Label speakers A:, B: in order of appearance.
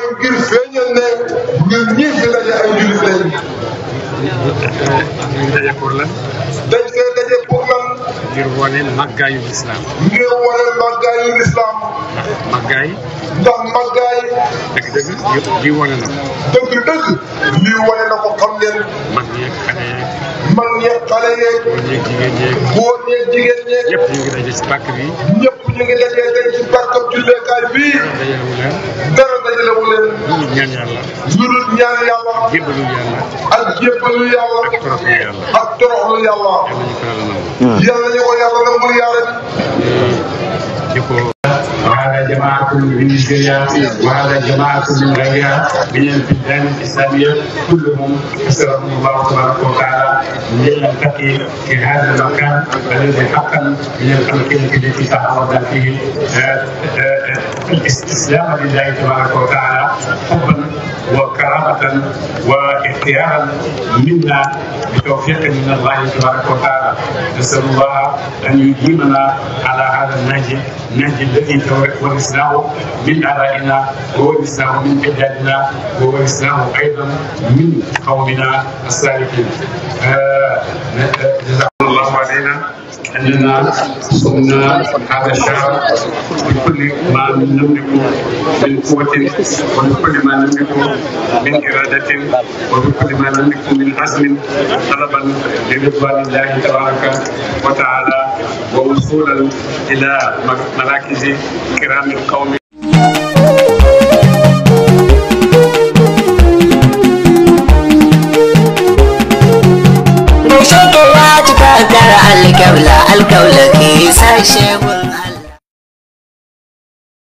A: mooy ngir feeñal ne ñun ñii fi daje ay jullit lañ. dañuy daje pour lan. dañ see daje pour lan. ngir wane màggaayu lislaam. ngir wane màggaayu lislaam. ndax màggaay. ndax màggaay. dëgg-dëgg lii wane na ko. dëgg-dëgg. lii wane na ko xam leen. mag yeeg xale yeeg. mag yeeg xale yeeg. góor yeeg jigéen yeeg. góor yeeg jigéen yeeg. ñëpp ñu ngi daje ci pàkk bi. ñëpp ñu ngi daje. وهذا جماعة من نيجيريا وهذا جماعة من غيرها من البلدان الإسلامية كلهم أسرهم الله تبارك وتعالى لنلتقي في هذا المكان الذي حقا من الأماكن التي تعرض فيه الاستسلام لله تبارك وتعالى حبا وكرامة واختيارا منا بتوفيق من الله تبارك وتعالى نسأل الله أن يديمنا على هذا النهج النهج الذي ورثناه من آبائنا وورثناه من أجدادنا وورثناه أيضا من قومنا السالكين آه الله علينا اننا صمنا هذا الشهر بكل ما نملك من قوه وبكل ما نملك من اراده وبكل ما نملك من عزم طلبا لرضوان الله تبارك وتعالى ووصولا الى مراكز كرام القوم alkaula alkaula ke sashe